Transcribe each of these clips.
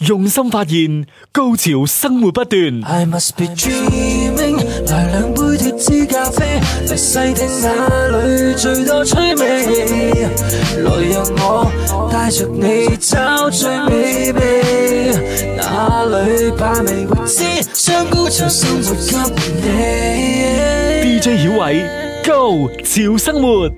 用心發現，高潮生活不斷。I must be dreaming，來兩杯脫脂咖啡，細聽那裏最多趣味。來讓我帶着你找最美味，哪裏把味未知，雙高潮生活給你。DJ 小偉，Go 潮生活。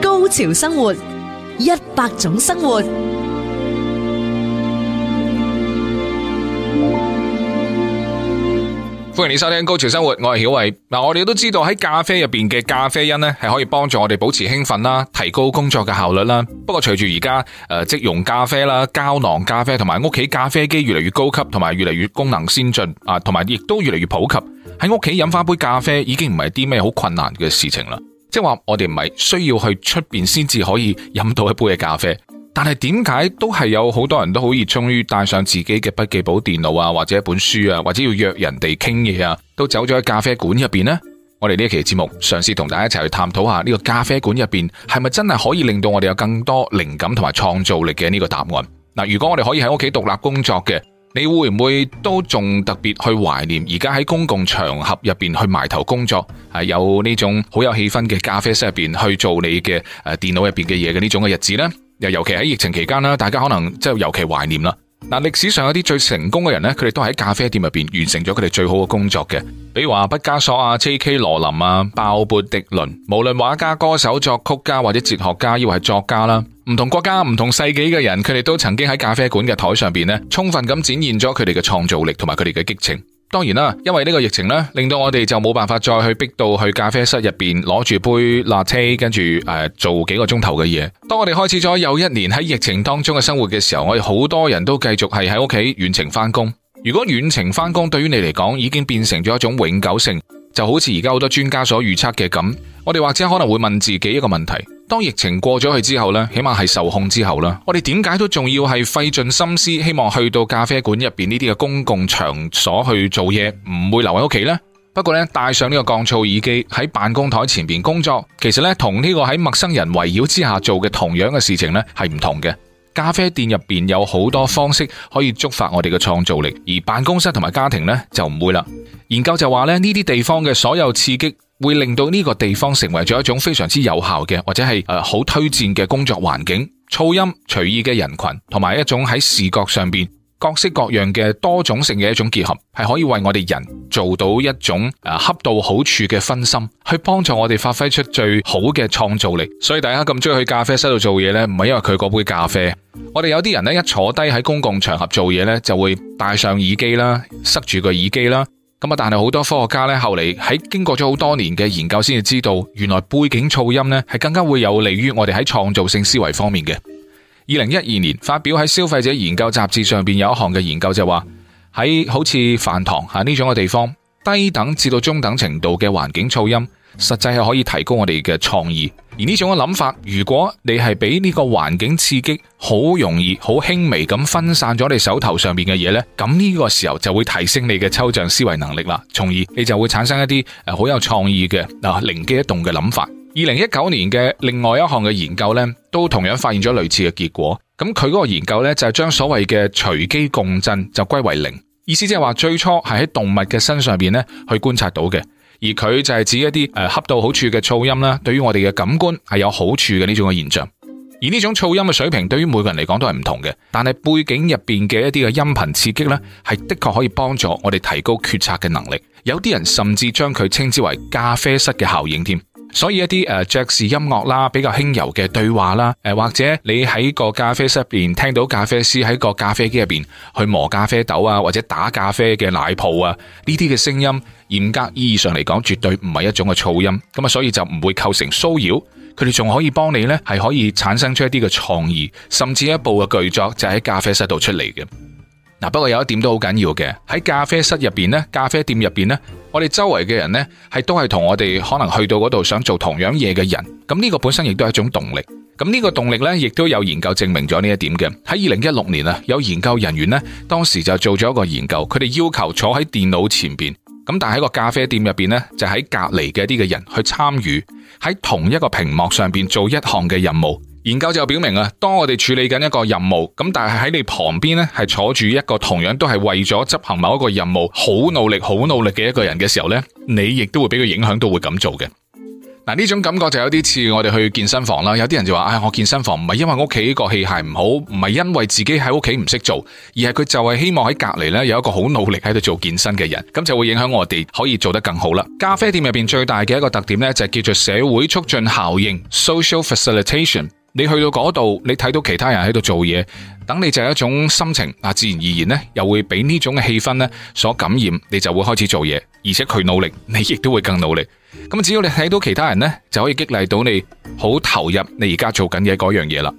高潮生活，一百種生活。 歡迎你收聽《高潮生活》，我係曉偉，Now, 我係曉偉。嗱，我哋都知道喺咖啡入邊嘅咖啡因咧，係可以幫助我哋保持興奮啦，提高工作嘅效率啦。不過隨，隨住而家誒即溶咖啡啦、膠囊咖啡同埋屋企咖啡機越嚟越高級，同埋越嚟越功能先進啊，同埋亦都越嚟越普及。喺屋企飲翻杯咖啡已經唔係啲咩好困難嘅事情啦，即係話我哋唔係需要去出邊先至可以飲到一杯嘅咖啡，但係點解都係有好多人都好熱衷於帶上自己嘅筆記簿、電腦啊，或者一本書啊，或者要約人哋傾嘢啊，都走咗喺咖啡館入邊呢？我哋呢一期節目嘗試同大家一齊去探討下呢個咖啡館入邊係咪真係可以令到我哋有更多靈感同埋創造力嘅呢個答案？嗱，如果我哋可以喺屋企獨立工作嘅。你會唔會都仲特別去懷念而家喺公共場合入邊去埋頭工作，係有呢種好有氣氛嘅咖啡室入邊去做你嘅誒電腦入邊嘅嘢嘅呢種嘅日子呢？尤其喺疫情期間啦，大家可能即係尤其懷念啦。嗱，歷史上有啲最成功嘅人咧，佢哋都係喺咖啡店入邊完成咗佢哋最好嘅工作嘅，比如話畢加索啊、J.K. 羅琳啊、鮑勃迪倫，無論畫家、歌手、作曲家或者哲學家，抑或係作家啦，唔同國家、唔同世紀嘅人，佢哋都曾經喺咖啡館嘅台上邊咧，充分咁展現咗佢哋嘅創造力同埋佢哋嘅激情。當然啦，因為呢個疫情咧，令到我哋就冇辦法再去逼到去咖啡室入邊攞住杯 latte，跟住誒、呃、做幾個鐘頭嘅嘢。當我哋開始咗有一年喺疫情當中嘅生活嘅時候，我哋好多人都繼續係喺屋企遠程返工。如果遠程返工對於你嚟講已經變成咗一種永久性，就好似而家好多專家所預測嘅咁，我哋或者可能會問自己一個問題。當疫情過咗去之後呢，起碼係受控之後啦。我哋點解都仲要係費盡心思，希望去到咖啡館入邊呢啲嘅公共場所去做嘢，唔會留喺屋企呢？不過呢，帶上呢個降噪耳機喺辦公台前邊工作，其實呢，同呢個喺陌生人圍繞之下做嘅同樣嘅事情呢，係唔同嘅。咖啡店入邊有好多方式可以觸發我哋嘅創造力，而辦公室同埋家庭呢，就唔會啦。研究就話咧，呢啲地方嘅所有刺激。會令到呢個地方成為咗一種非常之有效嘅，或者係誒好推薦嘅工作環境。噪音，隨意嘅人群，同埋一種喺視覺上邊各式各樣嘅多種性嘅一種結合，係可以為我哋人做到一種誒恰到好處嘅分心，去幫助我哋發揮出最好嘅創造力。所以大家咁中意去咖啡室度做嘢呢，唔係因爲佢嗰杯咖啡。我哋有啲人呢，一坐低喺公共場合做嘢呢，就會戴上耳機啦，塞住個耳機啦。咁啊！但係好多科學家咧，後嚟喺經過咗好多年嘅研究，先至知道，原來背景噪音咧係更加會有利於我哋喺創造性思維方面嘅。二零一二年發表喺《消費者研究雜誌》上邊有一項嘅研究就話，喺好似飯堂吓呢種嘅地方，低等至到中等程度嘅環境噪音，實際係可以提高我哋嘅創意。而呢種嘅諗法，如果你係俾呢個環境刺激，好容易，好輕微咁分散咗你手頭上面嘅嘢呢，咁呢個時候就會提升你嘅抽象思維能力啦，從而你就會產生一啲誒好有創意嘅啊靈機一動嘅諗法。二零一九年嘅另外一項嘅研究呢，都同樣發現咗類似嘅結果。咁佢嗰個研究呢，就係將所謂嘅隨機共振就歸為零，意思即係話最初係喺動物嘅身上邊呢去觀察到嘅。而佢就係指一啲誒恰到好處嘅噪音啦，對於我哋嘅感官係有好處嘅呢種嘅現象。而呢種噪音嘅水平對於每個人嚟講都係唔同嘅，但係背景入邊嘅一啲嘅音頻刺激咧，係的確可以幫助我哋提高決策嘅能力。有啲人甚至將佢稱之為咖啡室嘅效應添。所以一啲誒爵士音樂啦，比較輕柔嘅對話啦，誒或者你喺個咖啡室入邊聽到咖啡師喺個咖啡機入邊去磨咖啡豆啊，或者打咖啡嘅奶泡啊，呢啲嘅聲音嚴格意義上嚟講，絕對唔係一種嘅噪音，咁啊，所以就唔會構成騷擾。佢哋仲可以幫你呢，係可以產生出一啲嘅創意，甚至一部嘅巨作就喺咖啡室度出嚟嘅。嗱，不過有一點都好緊要嘅，喺咖啡室入邊咧，咖啡店入邊咧，我哋周圍嘅人咧，係都係同我哋可能去到嗰度想做同樣嘢嘅人，咁呢個本身亦都係一種動力。咁呢個動力呢亦都有研究證明咗呢一點嘅。喺二零一六年啊，有研究人員呢當時就做咗一個研究，佢哋要求坐喺電腦前邊，咁但係喺個咖啡店入邊呢，就喺隔籬嘅啲嘅人去參與喺同一個屏幕上邊做一項嘅任務。研究就表明啊，當我哋處理緊一個任務，咁但係喺你旁邊呢，係坐住一個同樣都係為咗執行某一個任務，好努力、好努力嘅一個人嘅時候呢，你亦都會俾佢影響到會咁做嘅。嗱，呢種感覺就有啲似我哋去健身房啦。有啲人就話：唉、哎，我健身房唔係因為屋企個器械唔好，唔係因為自己喺屋企唔識做，而係佢就係希望喺隔籬呢有一個好努力喺度做健身嘅人，咁就會影響我哋可以做得更好啦。咖啡店入邊最大嘅一個特點呢，就叫做社會促進效應 （Social Facilitation）。你去到嗰度，你睇到其他人喺度做嘢，等你就係一種心情，啊，自然而然咧，又會俾呢種嘅氣氛咧所感染，你就會開始做嘢，而且佢努力，你亦都會更努力。咁只要你睇到其他人咧，就可以激勵到你，好投入你而家做緊嘢嗰樣嘢啦。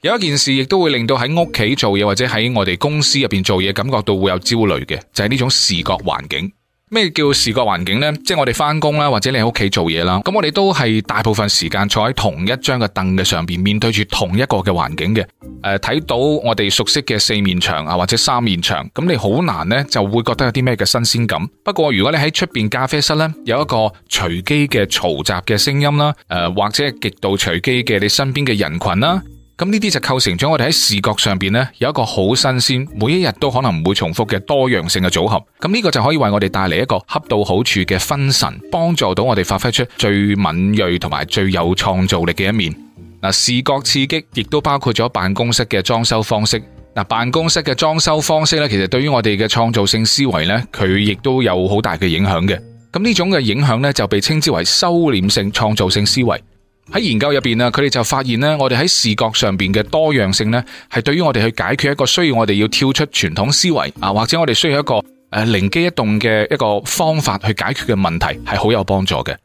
有一件事亦都會令到喺屋企做嘢或者喺我哋公司入邊做嘢，感覺到會有焦慮嘅，就係呢種視覺環境。咩叫視覺環境呢？即係我哋返工啦，或者你喺屋企做嘢啦。咁我哋都係大部分時間坐喺同一張嘅凳嘅上邊，面對住同一個嘅環境嘅。誒、呃，睇到我哋熟悉嘅四面牆啊，或者三面牆。咁你好難呢就會覺得有啲咩嘅新鮮感。不過如果你喺出邊咖啡室呢，有一個隨機嘅嘈雜嘅聲音啦，誒、呃，或者係極度隨機嘅你身邊嘅人群啦。咁呢啲就構成咗我哋喺視覺上邊咧有一個好新鮮，每一日都可能唔會重複嘅多樣性嘅組合。咁、這、呢個就可以為我哋帶嚟一個恰到好處嘅分神，幫助到我哋發揮出最敏銳同埋最有創造力嘅一面。嗱，視覺刺激亦都包括咗辦公室嘅裝修方式。嗱，辦公室嘅裝修方式咧，其實對於我哋嘅創造性思維咧，佢亦都有好大嘅影響嘅。咁呢種嘅影響咧，就被稱之為收斂性創造性思維。喺研究入邊啊，佢哋就發現咧，我哋喺視覺上面嘅多樣性咧，係對於我哋去解決一個需要我哋要跳出傳統思維啊，或者我哋需要一個誒靈機一動嘅一個方法去解決嘅問題，係好有幫助嘅。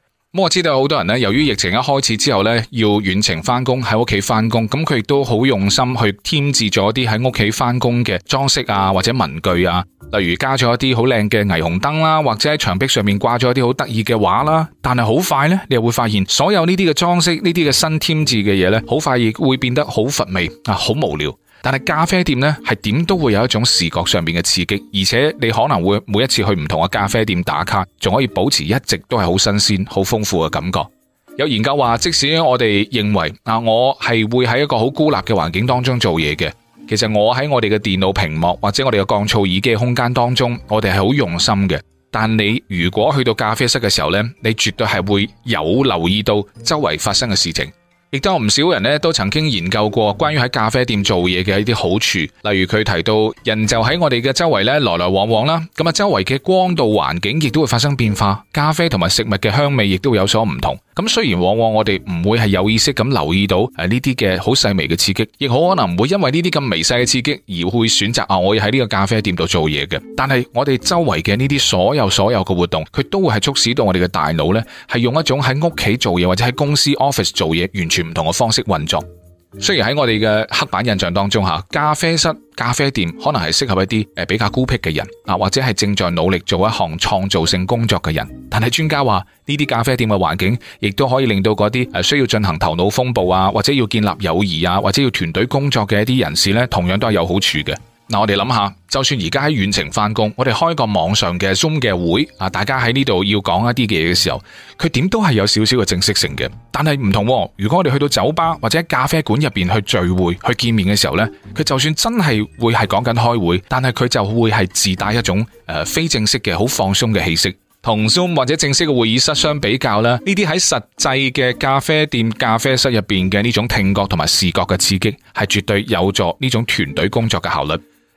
我知道有好多人由於疫情一開始之後咧，要遠程返工喺屋企返工，咁佢亦都好用心去添置咗啲喺屋企返工嘅裝飾啊，或者文具啊，例如加咗一啲好靚嘅霓虹燈啦，或者喺牆壁上面掛咗一啲好得意嘅畫啦。但係好快呢，你就會發現所有呢啲嘅裝飾、呢啲嘅新添置嘅嘢咧，好快亦會變得好乏味啊，好無聊。但係咖啡店呢，係點都會有一種視覺上面嘅刺激，而且你可能會每一次去唔同嘅咖啡店打卡，仲可以保持一直都係好新鮮、好豐富嘅感覺。有研究話，即使我哋認為啊，我係會喺一個好孤立嘅環境當中做嘢嘅，其實我喺我哋嘅電腦屏幕或者我哋嘅降噪耳機空間當中，我哋係好用心嘅。但你如果去到咖啡室嘅時候呢，你絕對係會有留意到周圍發生嘅事情。亦都唔少人咧，都曾經研究過關於喺咖啡店做嘢嘅一啲好處，例如佢提到，人就喺我哋嘅周圍咧來來往往啦，咁啊周圍嘅光度環境亦都會發生變化，咖啡同埋食物嘅香味亦都會有所唔同。咁雖然往往我哋唔會係有意識咁留意到誒呢啲嘅好細微嘅刺激，亦好可能唔會因為呢啲咁微細嘅刺激而會選擇啊我要喺呢個咖啡店度做嘢嘅。但係我哋周圍嘅呢啲所有所有嘅活動，佢都會係促使到我哋嘅大腦咧係用一種喺屋企做嘢或者喺公司 office 做嘢完全。唔同嘅方式運作，雖然喺我哋嘅黑板印象當中吓，咖啡室、咖啡店可能係適合一啲誒比較孤僻嘅人啊，或者係正在努力做一項創造性工作嘅人，但係專家話呢啲咖啡店嘅環境，亦都可以令到嗰啲誒需要進行頭腦風暴啊，或者要建立友誼啊，或者要團隊工作嘅一啲人士咧，同樣都係有好處嘅。嗱，我哋諗下，就算而家喺遠程返工，我哋開個網上嘅 Zoom 嘅會啊，大家喺呢度要講一啲嘅嘢嘅時候，佢點都係有少少嘅正式性嘅。但係唔同，如果我哋去到酒吧或者咖啡館入邊去聚會去見面嘅時候咧，佢就算真係會係講緊開會，但係佢就會係自帶一種誒非正式嘅好放鬆嘅氣息，同 Zoom 或者正式嘅會議室相比較咧，呢啲喺實際嘅咖啡店、咖啡室入邊嘅呢種聽覺同埋視覺嘅刺激，係絕對有助呢種團隊工作嘅效率。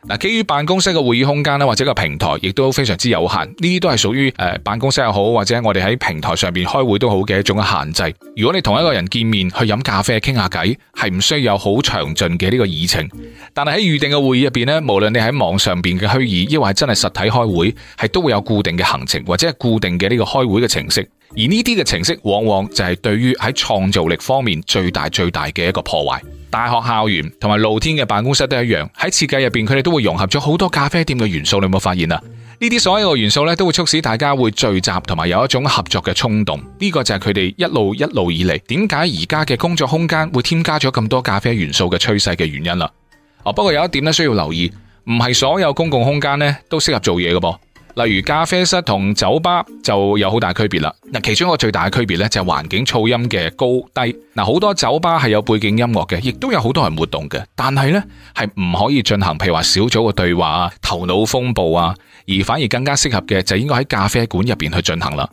嗱，基於辦公室嘅會議空間咧，或者個平台，亦都非常之有限。呢啲都係屬於誒辦公室又好，或者我哋喺平台上邊開會都好嘅一種限制。如果你同一個人見面去飲咖啡傾下偈，係唔需要有好詳盡嘅呢個議程。但係喺預定嘅會議入邊咧，無論你喺網上邊嘅虛擬，亦或係真係實體開會，係都會有固定嘅行程，或者係固定嘅呢個開會嘅程式。而呢啲嘅程式，往往就係對於喺創造力方面最大最大嘅一個破壞。大學校園同埋露天嘅辦公室都一樣，喺設計入邊，佢哋都會融合咗好多咖啡店嘅元素。你有冇發現啊？呢啲所有嘅元素咧，都會促使大家會聚集同埋有一種合作嘅衝動。呢、呢個就係佢哋一路一路以嚟，點解而家嘅工作空間會添加咗咁多咖啡元素嘅趨勢嘅原因啦。哦，不過有一點咧需要留意，唔係所有公共空間咧都適合做嘢嘅噃。例如咖啡室同酒吧就有好大區別啦。嗱，其中一個最大嘅區別咧就係環境噪音嘅高低。嗱，好多酒吧係有背景音樂嘅，亦都有好多人活動嘅，但係咧係唔可以進行，譬如話小組嘅對話啊、頭腦風暴啊，而反而更加適合嘅就應該喺咖啡館入邊去進行啦。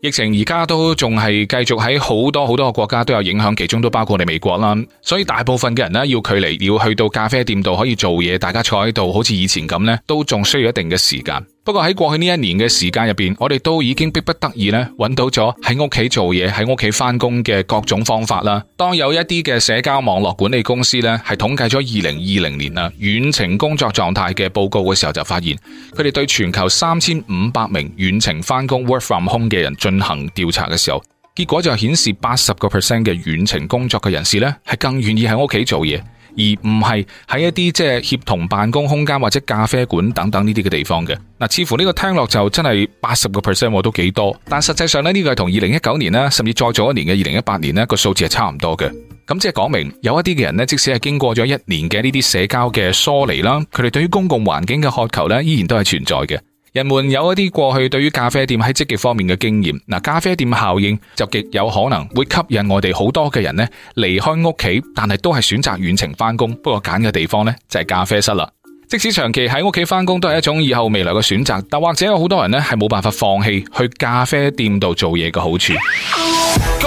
疫情而家都仲係繼續喺好多好多嘅國家都有影響，其中都包括你美國啦。所以大部分嘅人呢，要距離要去到咖啡店度可以做嘢，大家坐喺度好似以前咁呢，都仲需要一定嘅時間。不過喺過去呢一年嘅時間入邊，我哋都已經迫不得已咧，揾到咗喺屋企做嘢、喺屋企翻工嘅各種方法啦。當有一啲嘅社交網絡管理公司咧，係統計咗二零二零年啦遠程工作狀態嘅報告嘅時候，就發現佢哋對全球三千五百名遠程翻工 work from home 嘅人進行調查嘅時候，結果就顯示八十個 percent 嘅遠程工作嘅人士咧，係更願意喺屋企做嘢。而唔係喺一啲即係協同辦公空間或者咖啡館等等呢啲嘅地方嘅嗱，似乎呢個聽落就真係八十個 percent 喎，都幾多。但實際上呢，呢個係同二零一九年咧，甚至再早一年嘅二零一八年呢個數字係差唔多嘅。咁即係講明有一啲嘅人呢，即使係經過咗一年嘅呢啲社交嘅疏離啦，佢哋對於公共環境嘅渴求呢，依然都係存在嘅。人們有一啲過去對於咖啡店喺積極方面嘅經驗，嗱，咖啡店效應就極有可能會吸引我哋好多嘅人呢離開屋企，但係都係選擇遠程翻工。不過揀嘅地方呢，就係咖啡室啦。即使長期喺屋企翻工都係一種以後未來嘅選擇，但或者有好多人呢係冇辦法放棄去咖啡店度做嘢嘅好處。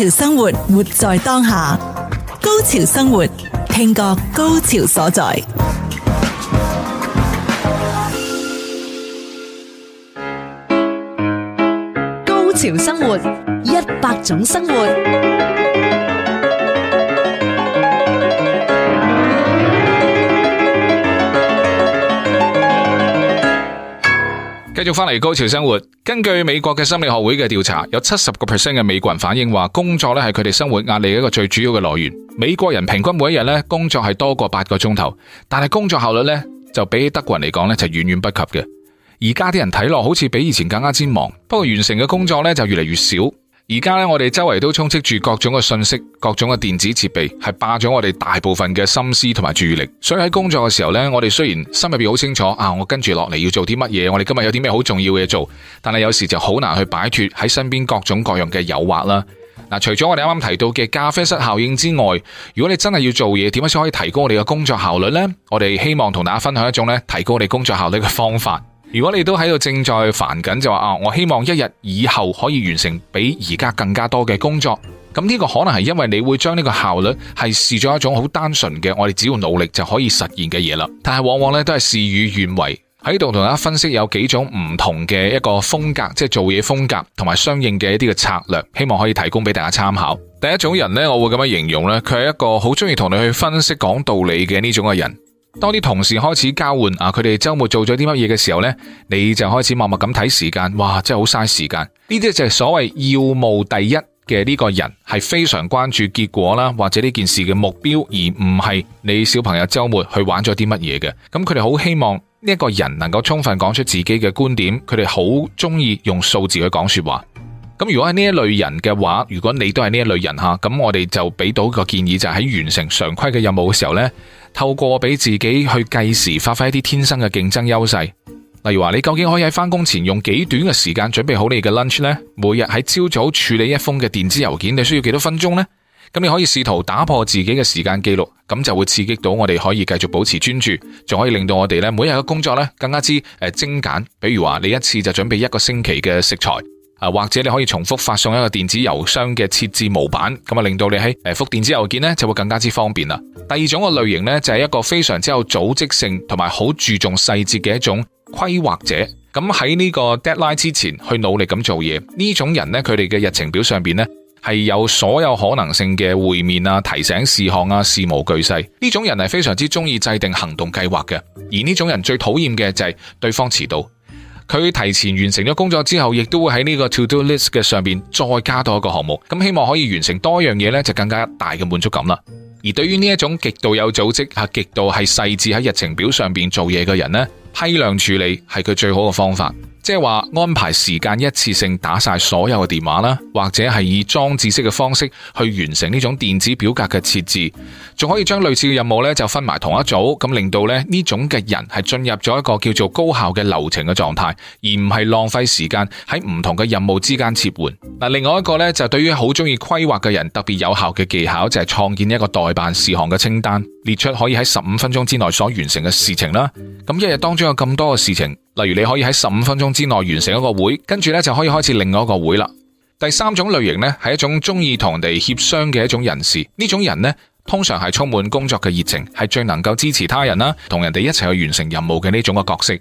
高潮生活，活在當下。高潮生活，聽覺高潮所在。高潮生活，一百種生活。繼續翻嚟《高潮生活》，根據美國嘅心理學會嘅調查，有七十個 percent 嘅美國人反映話，工作咧係佢哋生活壓力一個最主要嘅來源。美國人平均每一日咧工作係多過八個鐘頭，但係工作效率咧就比德國人嚟講咧就遠遠不及嘅。而家啲人睇落好似比以前更加之忙，不過完成嘅工作咧就越嚟越少。而家咧，我哋周圍都充斥住各種嘅信息，各種嘅電子設備係霸咗我哋大部分嘅心思同埋注意力。所以喺工作嘅時候咧，我哋雖然心入邊好清楚啊，我跟住落嚟要做啲乜嘢，我哋今日有啲咩好重要嘅嘢做，但係有時就好難去擺脫喺身邊各種各樣嘅誘惑啦。嗱，除咗我哋啱啱提到嘅咖啡室效應之外，如果你真係要做嘢，點樣先可以提高我哋嘅工作效率呢？我哋希望同大家分享一種咧，提高我哋工作效率嘅方法。如果你都喺度正在煩緊，就話啊，我希望一日以後可以完成比而家更加多嘅工作。咁呢個可能係因為你會將呢個效率係試咗一種好單純嘅，我哋只要努力就可以實現嘅嘢啦。但係往往咧都係事與願違。喺度同大家分析有幾種唔同嘅一個風格，即係做嘢風格同埋相應嘅一啲嘅策略，希望可以提供俾大家參考。第一種人咧，我會咁樣形容咧，佢係一個好中意同你去分析講道理嘅呢種嘅人。當啲同事開始交換啊，佢哋周末做咗啲乜嘢嘅時候呢,你就開始默默咁睇時間,哇,真係好嘥時間。呢啲就係所謂要務第一嘅呢個人,係非常關注結果啦,或者呢件事嘅目標,而唔係你小朋友周末去玩咗啲乜嘢嘅。咁佢哋好希望呢一個人能夠充分講出自己嘅觀點,佢哋好中意用數字去講說話。咁如果係呢一類人嘅話,如果你都係呢一類人吓,咁我哋就俾到個建議就係喺完成常規嘅任務嘅時候呢。透過俾自己去計時，發揮一啲天生嘅競爭優勢。例如話，你究竟可以喺翻工前用幾短嘅時間準備好你嘅 lunch 呢？每日喺朝早處理一封嘅電子郵件，你需要幾多分鐘呢？咁你可以試圖打破自己嘅時間記錄，咁就會刺激到我哋可以繼續保持專注，仲可以令到我哋咧每日嘅工作咧更加之精簡。比如話，你一次就準備一個星期嘅食材。啊，或者你可以重複發送一個電子郵箱嘅設置模板，咁啊令到你喺誒覆電子郵件咧就會更加之方便啦。第二種嘅類型呢，就係一個非常之有組織性同埋好注重細節嘅一種規劃者，咁喺呢個 deadline 之前去努力咁做嘢。呢種人呢，佢哋嘅日程表上邊呢，係有所有可能性嘅會面啊、提醒事項啊、事無巨細。呢種人係非常之中意制定行動計劃嘅，而呢種人最討厭嘅就係對方遲到。佢提前完成咗工作之後，亦都會喺呢個 to do list 嘅上邊再加多一個項目，咁希望可以完成多一樣嘢呢，就更加大嘅滿足感啦。而對於呢一種極度有組織、啊極度係細致喺日程表上邊做嘢嘅人呢，批量處理係佢最好嘅方法。即係話安排時間一次性打晒所有嘅電話啦，或者係以裝置式嘅方式去完成呢種電子表格嘅設置，仲可以將類似嘅任務咧就分埋同一組，咁令到咧呢種嘅人係進入咗一個叫做高效嘅流程嘅狀態，而唔係浪費時間喺唔同嘅任務之間切換。嗱，另外一個咧就對於好中意規劃嘅人特別有效嘅技巧，就係創建一個待辦事項嘅清單。列出可以喺十五分鐘之內所完成嘅事情啦，咁一日當中有咁多嘅事情，例如你可以喺十五分鐘之內完成一個會，跟住咧就可以開始另外一個會啦。第三種類型呢，係一種中意同人哋協商嘅一種人士，呢種人呢，通常係充滿工作嘅熱情，係最能夠支持他人啦、啊，同人哋一齊去完成任務嘅呢種嘅角色。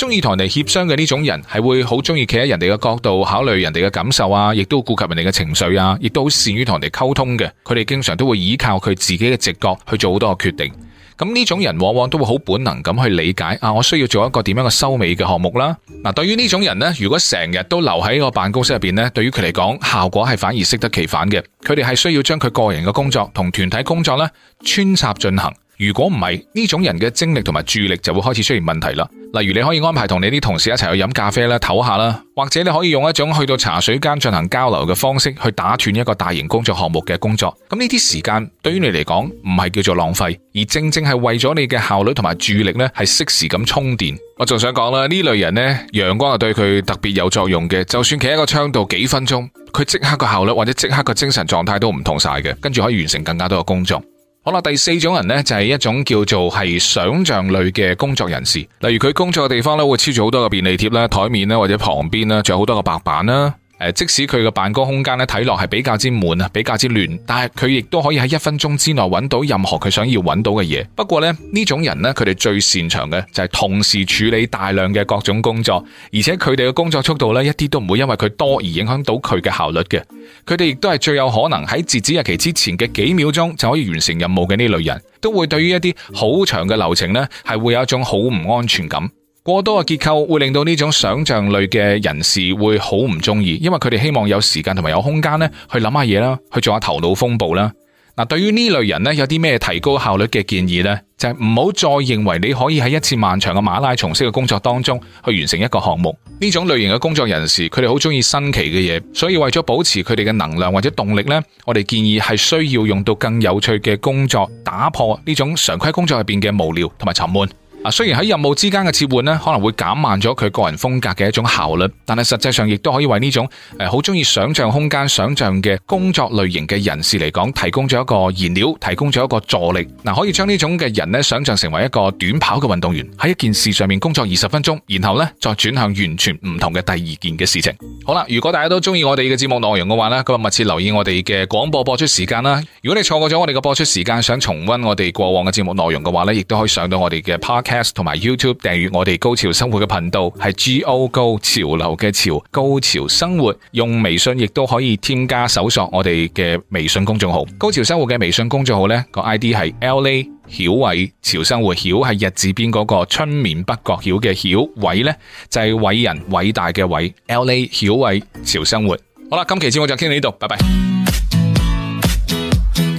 中意同人哋協商嘅呢種人係會好中意企喺人哋嘅角度考慮人哋嘅感受啊，亦都顧及人哋嘅情緒啊，亦都好善於同人哋溝通嘅。佢哋經常都會依靠佢自己嘅直覺去做好多嘅決定。咁呢種人往往都會好本能咁去理解啊，我需要做一個點樣嘅收尾嘅項目啦。嗱，啊，對於呢種人呢，如果成日都留喺個辦公室入邊呢，對於佢嚟講，效果係反而適得其反嘅。佢哋係需要將佢個人嘅工作同團體工作呢穿插進行。如果唔係呢種人嘅精力同埋注意力就會開始出現問題啦。例如你可以安排同你啲同事一齊去飲咖啡啦、唞下啦，或者你可以用一種去到茶水間進行交流嘅方式去打斷一個大型工作項目嘅工作。咁呢啲時間對於你嚟講唔係叫做浪費，而正正係為咗你嘅效率同埋注意力呢係適時咁充電。我仲想講啦，呢類人呢，陽光係對佢特別有作用嘅。就算企喺個窗度幾分鐘，佢即刻個效率或者即刻個精神狀態都唔同晒嘅，跟住可以完成更加多嘅工作。好啦，第四種人呢，就係一種叫做係想象類嘅工作人士，例如佢工作嘅地方呢，會黐住好多嘅便利貼啦，台面咧或者旁邊咧，仲有好多嘅白板啦。誒，即使佢嘅辦公空間咧睇，落係比較之滿啊，比較之亂，但係佢亦都可以喺一分鐘之內揾到任何佢想要揾到嘅嘢。不過咧，呢種人咧，佢哋最擅長嘅就係同時處理大量嘅各種工作，而且佢哋嘅工作速度咧一啲都唔會因為佢多而影響到佢嘅效率嘅。佢哋亦都係最有可能喺截止日期之前嘅幾秒鐘就可以完成任務嘅呢類人，都會對於一啲好長嘅流程呢，係會有一種好唔安全感。過多嘅結構會令到呢種想象類嘅人士會好唔中意，因為佢哋希望有時間同埋有空間咧去諗下嘢啦，去做下頭腦風暴啦。嗱、啊，對於呢類人咧，有啲咩提高效率嘅建議呢？就係唔好再認為你可以喺一次漫長嘅馬拉松式嘅工作當中去完成一個項目。呢種類型嘅工作人士，佢哋好中意新奇嘅嘢，所以為咗保持佢哋嘅能量或者動力呢，我哋建議係需要用到更有趣嘅工作，打破呢種常規工作入邊嘅無聊同埋沉悶。啊，雖然喺任務之間嘅切換咧，可能會減慢咗佢個人風格嘅一種效率，但係實際上亦都可以為呢種誒好中意想象空間、想象嘅工作類型嘅人士嚟講，提供咗一個燃料，提供咗一個助力。嗱，可以將呢種嘅人咧，想象成為一個短跑嘅運動員，喺一件事上面工作二十分鐘，然後咧再轉向完全唔同嘅第二件嘅事情。好啦，如果大家都中意我哋嘅節目內容嘅話咧，咁密切留意我哋嘅廣播播出時間啦。如果你錯過咗我哋嘅播出時間，想重温我哋過往嘅節目內容嘅話咧，亦都可以上到我哋嘅 Podcast Test 同埋 YouTube 訂閱我哋高潮生活嘅頻道係 G O Go 潮流嘅潮，高潮生活，用微信亦都可以添加搜索我哋嘅微信公眾號。高潮生活嘅微信公眾號呢個 ID 係 L A 曉偉潮生活，曉係日字邊嗰個春眠不覺曉嘅曉，偉呢，就係偉人偉大嘅偉。L A 曉偉潮生活，好啦，今期節目就傾到呢度，拜拜。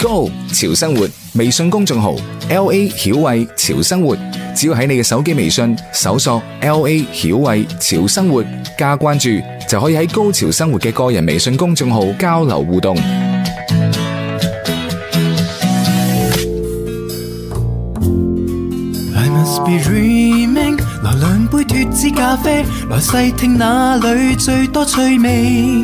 Go 潮生活微信公眾號 L A 曉慧潮生活，只要喺你嘅手機微信搜索 L A 曉慧潮生活加關注，就可以喺高潮生活嘅個人微信公眾號交流互動。來兩杯脫脂咖啡，來細聽那裏最多趣味。